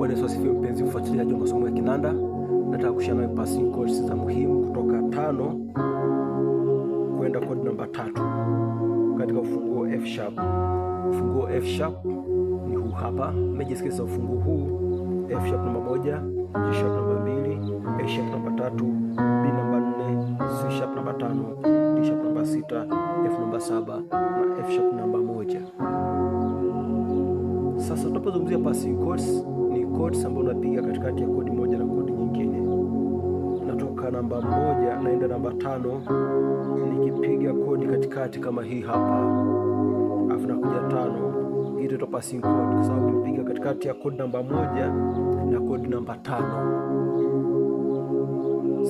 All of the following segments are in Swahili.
Bwana Yesu asifiwe, mpenzi mfuatiliaji wa masomo ya kinanda, nataka kushare nawe passing chords za muhimu kutoka tano kwenda kodi namba tatu katika ufunguo F sharp. Ufunguo F sharp ni huu hapa, major ufungu ufunguo huu F sharp namba moja, G sharp namba mbili, A sharp namba tatu, B namba nne, C sharp namba tano, D sharp namba sita, F namba saba na F sharp namba moja. Sasa tunapozungumzia passing chords, ni chords ambayo unapiga katikati ya kodi moja na kodi nyingine. Natoka namba moja naenda namba tano, nikipiga kodi katikati kama hii hapa, afu nakuja tano, hii ndio passing chord, kwa sababu nipiga katikati ya kodi namba moja na kodi namba tano.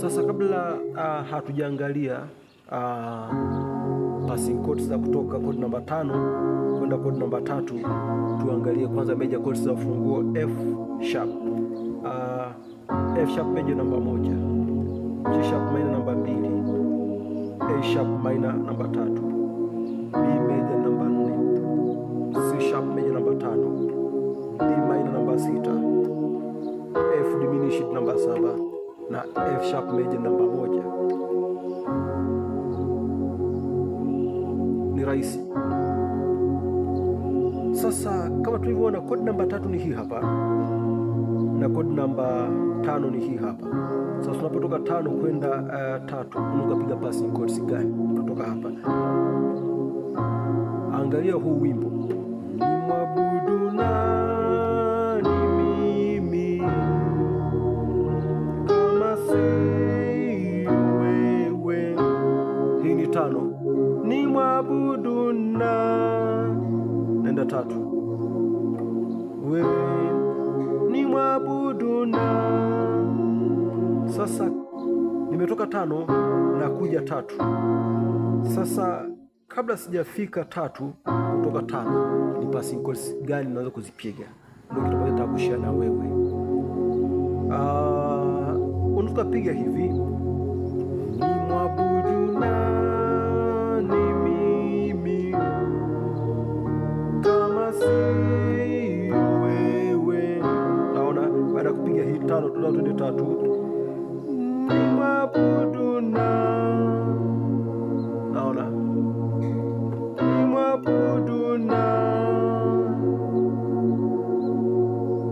Sasa kabla uh, hatujaangalia uh, passing chords za kutoka kodi namba tano kwenda kodi namba tatu, tuangalie kwanza meja chords za funguo F sharp. Uh, F sharp meja namba moja, G sharp minor namba mbili, A sharp minor namba tatu, B meja namba nne, C sharp meja namba tano, D minor namba sita, F diminished namba saba na F sharp meja namba moja. Ni rahisi. Sasa kama tulivyoona, code namba tatu ni hii hapa na code namba tano ni hii hapa. Sasa tunapotoka tano kwenda uh, tatu unapiga passing chords gani? Tunatoka hapa, angalia huu wimbo nimwabudu na kumwabuduna. Sasa nimetoka tano na kuja tatu. Sasa kabla sijafika tatu kutoka tano, ni passing chords gani naweza kuzipiga? Ndio kitu ambacho nitakushia na wewe. Uh, ah, unataka piga hivi tano tunao twende tatu mwabudu na naona mwabudu na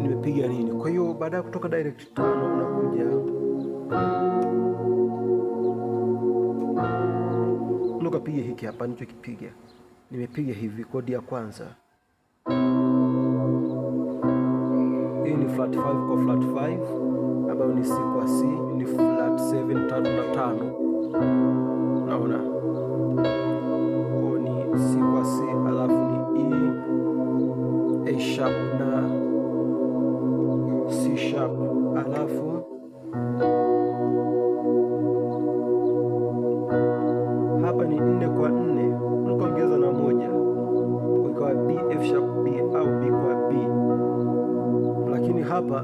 nimepiga nini kwa hiyo baada ya kutoka direct tano unakuja nukapiga hiki hapa nicho kipiga nimepiga hivi kodi ya kwanza ni flat 5 kwa flat 5 ambayo ni C kwa C, ni flat 7 tatu na tano. Naona ko ni C kwa C, alafu ni E, A sharp na C sharp alafu hapa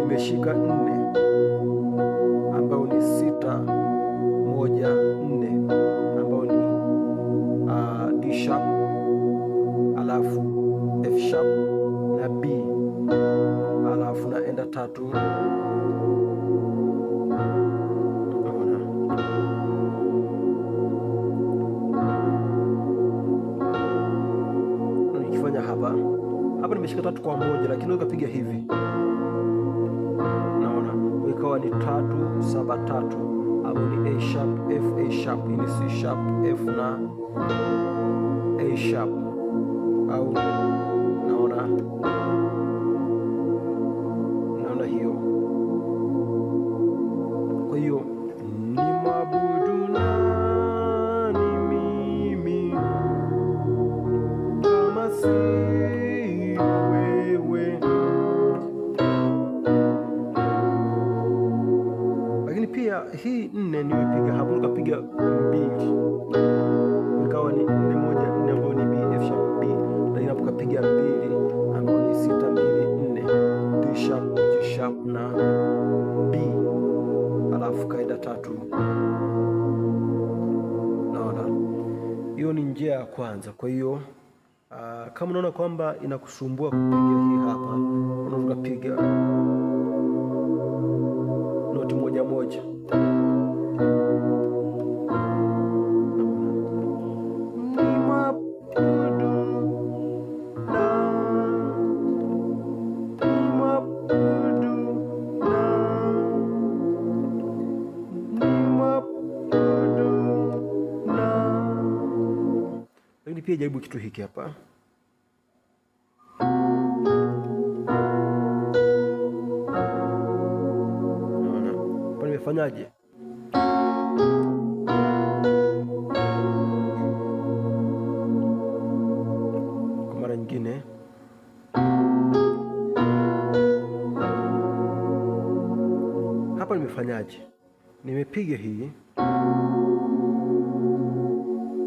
nimeshika nne ambayo ni sita moja nne ambayo ni uh, D sharp alafu F sharp na B alafu naenda tatu hapa hapa nimeshika tatu kwa moja, lakini ukapiga hivi ni tatu saba tatu au ni A sharp F A sharp, ni C sharp F na A sharp au naona pia hii nne nimepiga hapo nikapiga mbili nikawa ni nne moja nne ambayo ni B F sharp B, lakini hapo kapiga mbili ambayo ni sita mbili nne D sharp G sharp na B, alafu kaenda tatu. Naona hiyo ni njia ya kwanza. Kwa hiyo ah, kama unaona kwamba inakusumbua kupiga hii hapa, unaweza kupiga watu moja moja. Lakini pia jaribu kitu hiki hapa. fanyaje? Kwa mara nyingine hapa nimefanyaje? Nimepiga hii,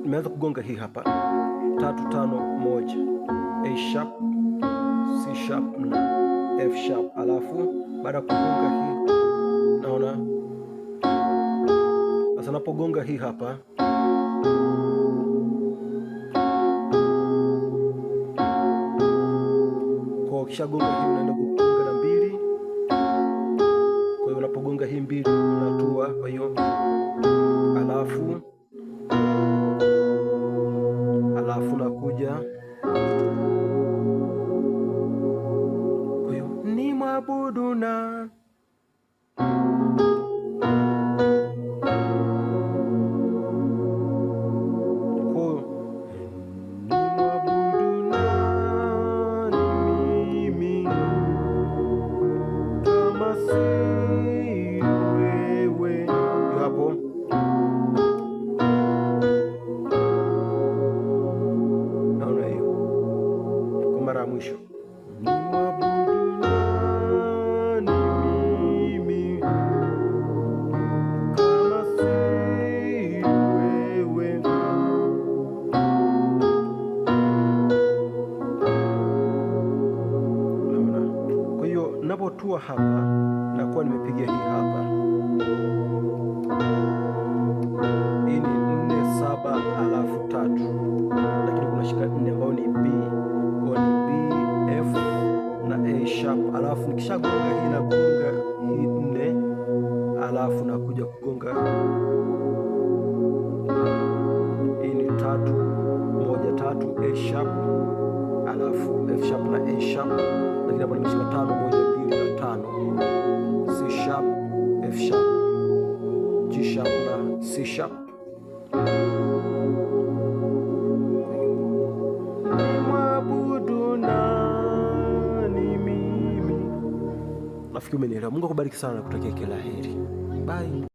nimeanza kugonga hii hapa tatu tano moja, A sharp, C sharp na F sharp, alafu baada ya kugonga hii unapogonga hii hapa kwa, ukishagonga hii unaenda kugonga na mbili. Kwa hiyo unapogonga hii mbili unatua, kwa hiyo alafu alafu nakuja kwa hiyo ni mwabudu na hapa, nakuwa nimepiga hii hapa. Hii ni nne saba alafu tatu, lakini kuna shika nne ambayo ni B o ni B F na A sharp, alafu nikishagonga hii nagonga hii nne, alafu nakuja kugonga hii ni tatu moja tatu A sharp alafu F sharp na A sharp, lakini hapo nimeshika tano moja tano C sharp, F sharp, G sharp na C sharp. Mwabudu nani mimi? Nafikiri umenielewa. Mungu akubariki sana na kutakia kila heri. Bye.